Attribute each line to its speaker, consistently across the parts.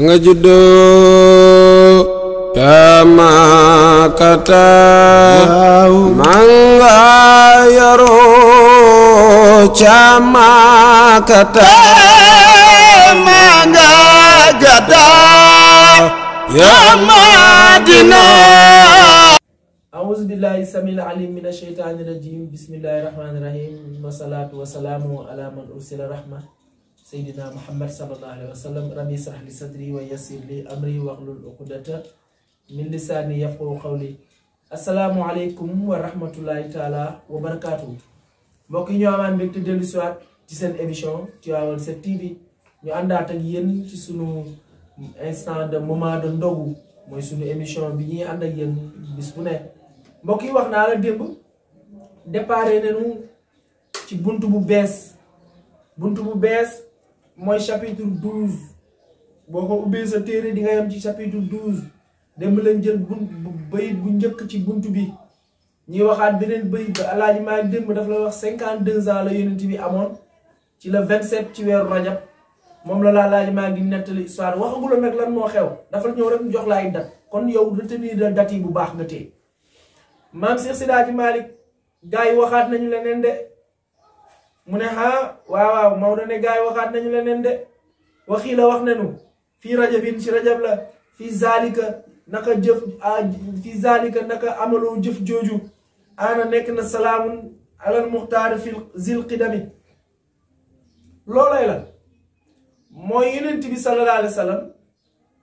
Speaker 1: nga juddoo kama kata manga yaroo chama kata manga jada yama dina a'udhu billahi samil alim minash shaitani rajim bismillahir rahmanir rahim wassalatu wassalamu ala man ursila rahmah seydina muhammad sallallahu alayhi wa sallam rabbi israh li sadri wa yassir li amri wahlul uqdata min assalaamu alaykum wa rahmatullahi taala wa barakaatu mbokk yi ñoo amaan dellu siwaat ci seen émission Tivaouane 7TV ñu àndaat ak yéen ci sunu instant de moment de ndogu mooy sunu émission bi ñuy ànd ak yéen bis ne mbokk yi wax naa la démb déparé nañu ci bunt bu bees bunt bu bees mooy chapitre douze boo ko ubbee sa téere di nga yem ci chapitre douze dem leen jël bun bayit bu njëkk ci bunt bi ñuy waxaat beneen bayit ba alaaji maa démb daf la wax cinquante deux ans la yonent bi amoon ci le vingt sept ci weeru rajab moom la laa alaaji maa di nettali histoire waxagula nag lan moo xew dafa ñëw rek jox la ay date kon yow retenir la date yi bu baax nga téye maam Seex Sidaaji Maalik gars yi waxaat nañu leneen de mu ne ah waaw waaw Maodo ne gars yi waxaat nañu leneen de waxii la wax nañu fii rajabin ci rajab la fii zalika naka jëf fii zalika naka amalu jëf jooju ana nekk na salaamun alal muxtaar fi zil qidami loolay la mooy yonent bi sallallahu alayhi wa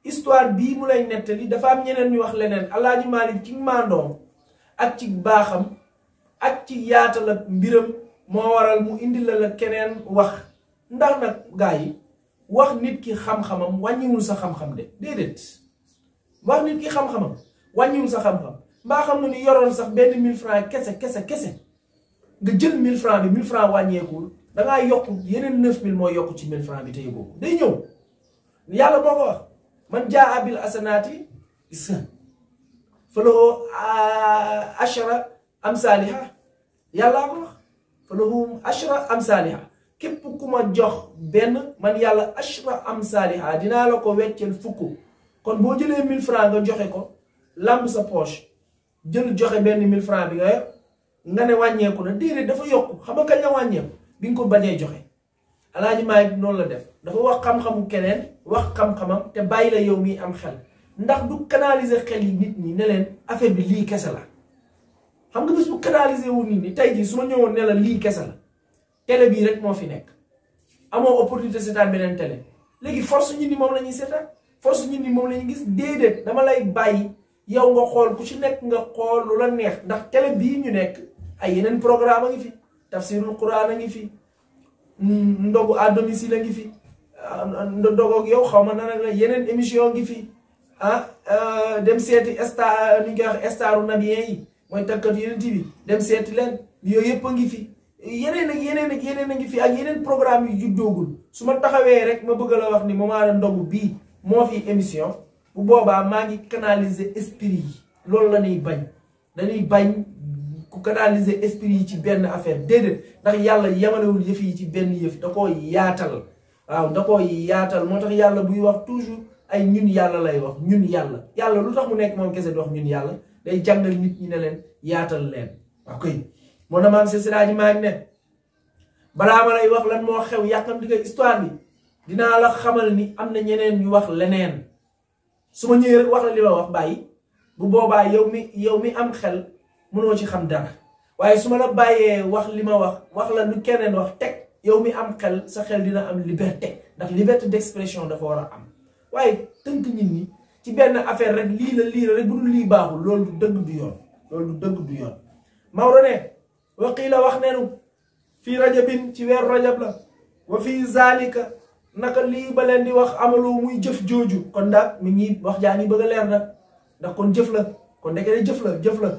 Speaker 1: histoire bii mu lay nettali dafa am ñeneen ñu wax leneen alaaji Maalik ci maandoom ak ci baaxam ak ci yaatal la mbiram moo waral mu indi la la keneen wax ndax nag gaa yi wax nit ki xam-xamam wàññiwul sa xam-xam de déedéet wax nit ki xam wàññiwul sa xam-xam mbaa xam nga ni yoroon sax benn mille francs kese kese kese nga jël mille francs bi mille francs wàññeekul da yokk yeneen 9000 mooy yokk ci 1000 francs bi te yóbboo day ñëw yàlla moo ko wax man jaa abil asanaati isa fa lahoo ashara am saaliha yàllaa ko falahum ashra amsaaliha képp ku ma jox benn man yàlla ashra amsaaliha dinaa la ko weccel fukk kon boo jëlee 1000 francs nga joxe ko lamb sa poche jël joxe benn 1000 francs bi nga yor nga ne wàññeeku na déedéet dafa yokk xam nga kañ la wàññeeku bi nga ko bañee joxe alaaji maay noonu la def dafa wax xam-xamu keneen wax xam-xamam te bàyyi la yow miy am xel ndax du canaliser xel yi nit ñi ne leen affaire bi lii kese la xam nga bés bu canaliser wu nit ñi tey jii su ma ñëwoon ne la lii kese la télé bii rek moo fi nekk amoo opportunité seetaan beneen télé léegi force ñun ni moom lañuy ñuy seetaan force ñun ni moom la ñuy gis déedéet dama lay bàyyi yow nga xool ku ci nekk nga xool lu la neex ndax télé bii ñu nekk ay yeneen programme a ngi fi tafsirul quran a ngi fi mm, ndogu à domicile a ngi fi ah, ndogoog yow xaw ma na nan la yeneen émission ngi fi ah euh, dem seeti star nu ñu wax staru nabien yi mooy takkat yeneen bi dem seeti leen yooyu yëpp a ngi fi yeneen ak yeneen yeneen a ngi fi ak yeneen programme yu juddoogul su ma taxawee rek ma bëgg la wax ni Momar la ndogu bii moo fi émission bu boobaa maa ngi canaliser esprit yi loolu la ñuy bañ dañuy bañ ku canaliser esprit yi ci benn affaire déedéet ndax yàlla yemalewul yëf yi ci benn yëf da koo yaatal waaw nda koo yaatal moo tax yàlla buy wax toujours ay ñun yàlla lay wax ñun yàlla yàlla lu tax mu nekk moom kese di ñun yàlla day jangal nit ñi ne len yaatal len ok mo na maam sey siraji maam ne bala ma lay wax lan mo xew yakam diga histoire bi dina la xamal ni amna ñeneen ñu wax leneen suma ma rek wax la li ma wax bayyi bu boba yow mi yow mi am xel mëno ci xam dara waye suma la bàyyee wax li ma wax wax la lu keneen wax tek yow mi am xel sa xel dina am liberté ndax liberté d'expression dafa wara am waye teunk nit ñi ci ben affaire rek li la li rek budul li baxu lolou deug du yoon lolou deug du yoon mawro ne waqiila wax nenu fi rajabin ci wer rajab la wa fi zalika naka li balen di wax amaloo muy jëf joju kon da mi ngi wax jaa beug leer nag da kon jëf la kon da ngay jëf la jëf la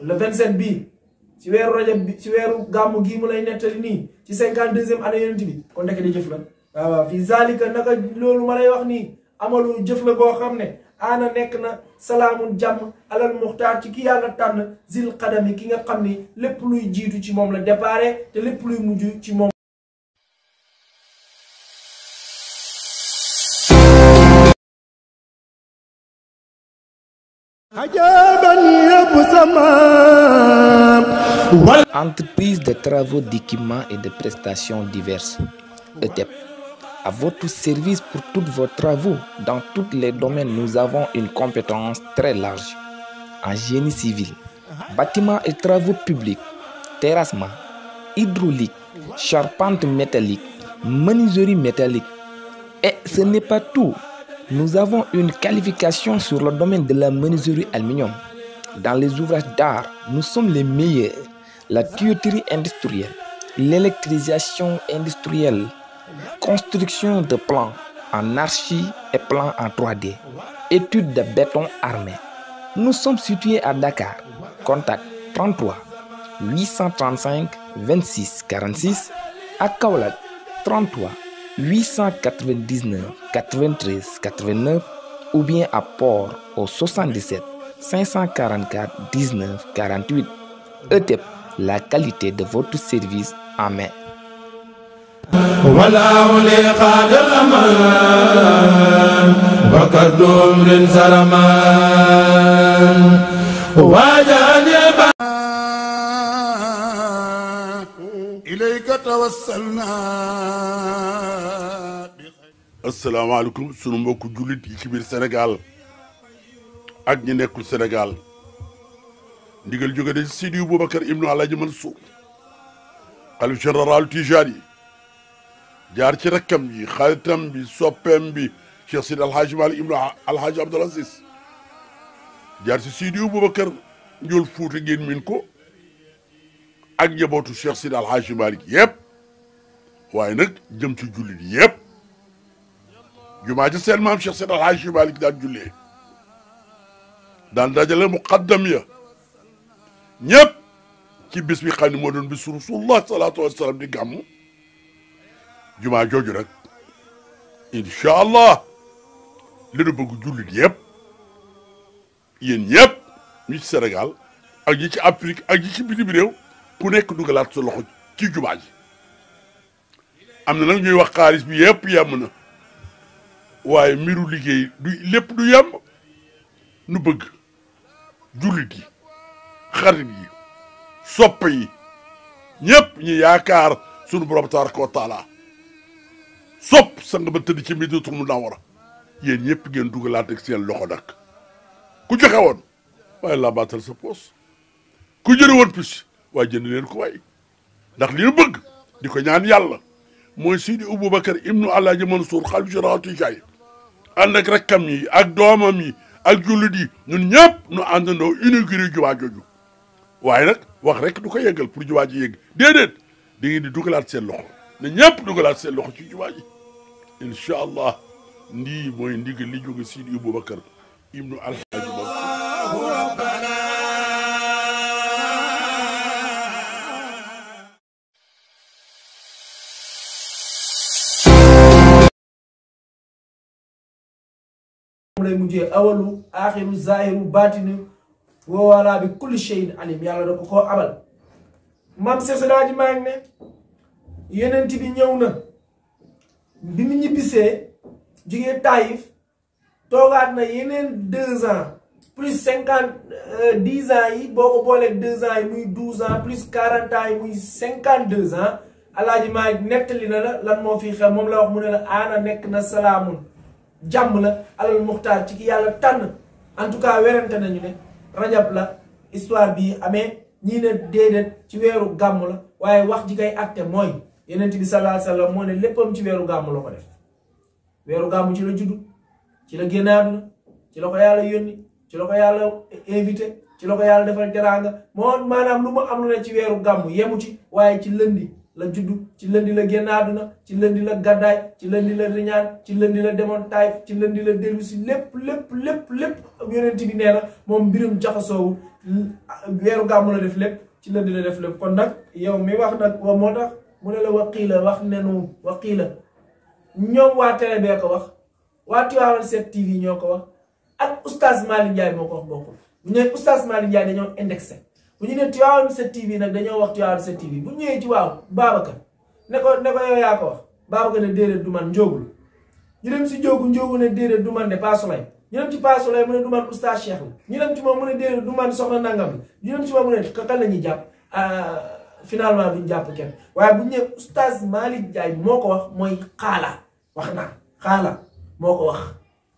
Speaker 1: le 27 bi ci wer rajab bi ci weru gamu gi mu lay netali ni ci 52e ane yonent bi kon da ngay jëf la wa fi zalika naka lolou ma lay wax ni amalu jëf go goo ana nekk na salaamun jàmm alal muxtaar ci ki yalla tan zil qadami ki nga xamni lepp luy jitu ci mom la déparé té lepp luy muju ci moom
Speaker 2: entreprise de travaux d'équipement et de prestations diverses ETEP à votre service pour tous vos travaux. Dans tous les domaines, nous avons une compétence très large. En génie civil, bâtiments et travaux publics, terrassement, hydraulique, charpente métallique, menuiserie métallique. Et ce n'est pas tout. Nous avons une qualification sur le domaine de la menuiserie aluminium. Dans les ouvrages d'art, nous sommes les meilleurs. La tuyauterie industrielle, l'électrisation industrielle, construction de plans en archi et plans en 3D, étude de béton armé. Nous sommes situés à Dakar. Contact 33 835 26 46 à Kaolak 33 899 93 89 ou bien à Port au 77 544 19 48. ETEP, la qualité de votre service en main.
Speaker 1: ولا ولي قاد الأمان وكدوم للزرمان وجاني
Speaker 3: إليك توسلنا asalaamaaleykum sunu mbokku jullit yi ci biir Sénégal ak ñi nekkul Sénégal ndigal jóge de Sidi Boubacar Ibnu Alaaji Mansour xalif général Tijaan yi jaar ci rakkam ji xaritam bi soppeem bi Cheikh Sidi Alhaji Malick ibnu Alhaji Abdoul Aziz jaar ci Sidi Boubacar Njool Fuuta ngeen min ko ak njabootu Cheikh Sidi Alhaji Malick yëpp waaye nag jëm ci jullit yëpp jumaa ji seen maam Cheikh Sidi Alhaji Malick daan jullee daan dajale muqaddam ya ñëpp ci bis bi xam moo doon bisu Rasulullah salaatu wa salaam di gàmmu jumaa jooju nag incha allah nu bëgg jullit yëpp yéen ñëpp ñi ci Sénégal ak ñi ci Afrique ak ñi ci bitim réew ku nekk dugalaat sa loxo ci jumaa am na nag ñuy wax xaalis bi yëpp yem na waaye mbiru liggéey du lépp du yem nu bëgg jullit yi xarit yi sopp yi ñëpp ñu yaakaar sunu borom tabaraka wa taala Sop sang ba tëdd ci médiatul mu nawara yeen ñepp ngeen dugalaat ak seen loxo nag ku joxe won way la batal sa pos ku jëre won pis way jënd leen ko way ndax li ñu bëgg diko ñaan yalla moy sidi bakkar ibnu alaaji mansour xalif général jay ànd ak rakkam yi ak domam yi ak julidi ñun ñepp ñu àndandoo ju juwaa ju way nak wax rek du ko pour ju yegg dedet di ngi di seen loxo ñepp seen loxo ci ju inshallah ni moy ndiga liƴƴugo siɗo iboubacar ibnu alhaji
Speaker 1: lay awalu zahiru batinu bi kulli alim bi mu ñibbisee jugee Taïf toogaat na yeneen deux ans plus cinquante euh, dix ans yi boo ko boolee deux ans yi muy douze ans plus quarante ans yi muy cinquante deux ans alaaji maa nettali na la lan moo fi xew moom la wax mu ne la aana nekk na salaamun jàmm la alal muxtaar ci ki yàlla tànn en tout cas werante nañu ne rajab la histoire bii amee ñii ne déedéet ci weeru gàmm la waaye wax ji kay acte mooy yonent bi sallallahu alayhi wasallam moo ne léppam ci weeru gàmm la ko def weeru gàmm ci la juddu ci la génn àdduna ci la ko yàlla yónni ci la ko yàlla invité ci la ko yàlla defal teraanga moo maanaam lu mu am lu ne ci weeru gàmm yemu ci waaye ci lëndi la juddu ci lëndi la génn àdduna ci lëndi la gaddaay ci lëndi la riñaan ci lëndi la demoon taay ci lëndi la dellu si lépp lépp lépp lépp yonent bi nee na moom mbirum jaxasoowul weeru la def lépp ci lëndi la def lépp nag yow mi wax nag mu ne la waqiila wax nenu waqiila ñoom waa télé bee ko wax waa Tivaouane 7TV ñoo ko wax ak oustaz Malick Ndiaye moo ko wax bokkul bu ñu nee oustaz Malick dañoo indexé bu ñu nee Tivaouane 7TV nag dañoo wax Tivaouane 7TV bu ñëwee ci waaw Babacar ne ko ne ko yow yaa ko wax Babacar ne déedéet du man njóogul ñu dem si njóogu njóogu ne déedéet du man de Paa Souley ñu dem ci Paa Souley mu ne du man oustaz Cheikh la ñu dem ci moom mu ne déedéet du man soxna nangam la ñu dem ci moom mu ne kan la ñuy jàpp ah, finalement duñ jàpp kenn waaye bu ñu nee oustaz Malick Ndiaye moo ko wax mooy xaala wax naa xaala moo ko wax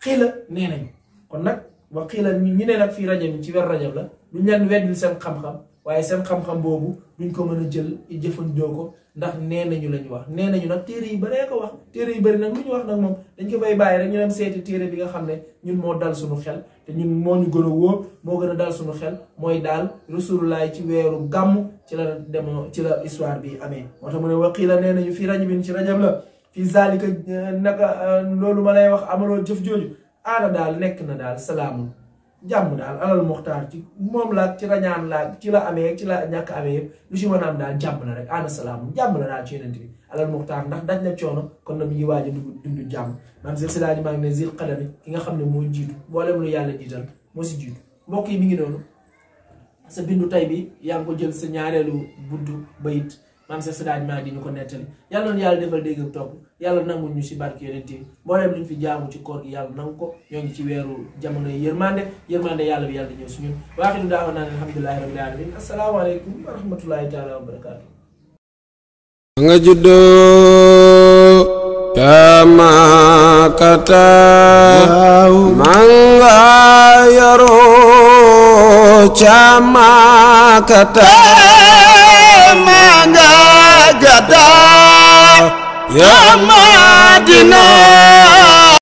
Speaker 1: xiila nee nañ kon nag wa xiila ñu ne nag fii rajab bi ci weer rajab la duñ leen weddil seen xam-xam. waaye seen xam-xam boobu duñ ko mën a jël jëfandikoo ko ndax nee nañu lañu wax nee nañu nag téere yi baree ko wax téere yu bëri nag lu ñu wax nag moom dañ ko fay bàyyi rek ñu dem seeti téere bi nga xam ne ñun moo dal suñu xel te ñu gën a wóor moo gën a dal suñu xel mooy daal Rasulullah ci weeru gàmm ci la demoo ci la histoire bi amee moo tax mu ne waqiila nee nañu fii rajabin ci rajab la fii zalika naka loolu ma lay wax amaloo jëf jooju aana daal nekk na daal salaamul jàmm daal alal muxtaar ci moom la ci rañaan laa ci la amee ci la ñàkk amee yëpp lu ci mën a am daal jàmm la rek ana salaam jàmm la daal ci yonent bi alal muxtaar ndax daj na coono kon nag ñu ngi waaj a dugg dund jàmm maam zil silaaji maa ngi ne zil xadami ki nga xam ne moo jiitu mboolem lu yàlla jiital moo si jiitu mbokk yi mi ngi noonu sa bindu tay bi yaa ngi ko jël sa ñaareelu buntu bayit maam Seex Sadaaj maa di ñu ko nettali yàlla na yàlla defal dégg ak topp yàlla nangul ñu si barke yonent yi mbooleem lu fi jaamu ci koor gi yàlla nangu ko ñoo ngi ci weeru jamono yi yërmande yërmande yàlla bi yàlla ñëw si ñun waaxidu daawa naan alhamdulilahi rabbil alamin asalaamaaleykum wa rahmatullahi taala wa barakaatu nga juddoo kamakata
Speaker 2: manga أجدا يا مدينة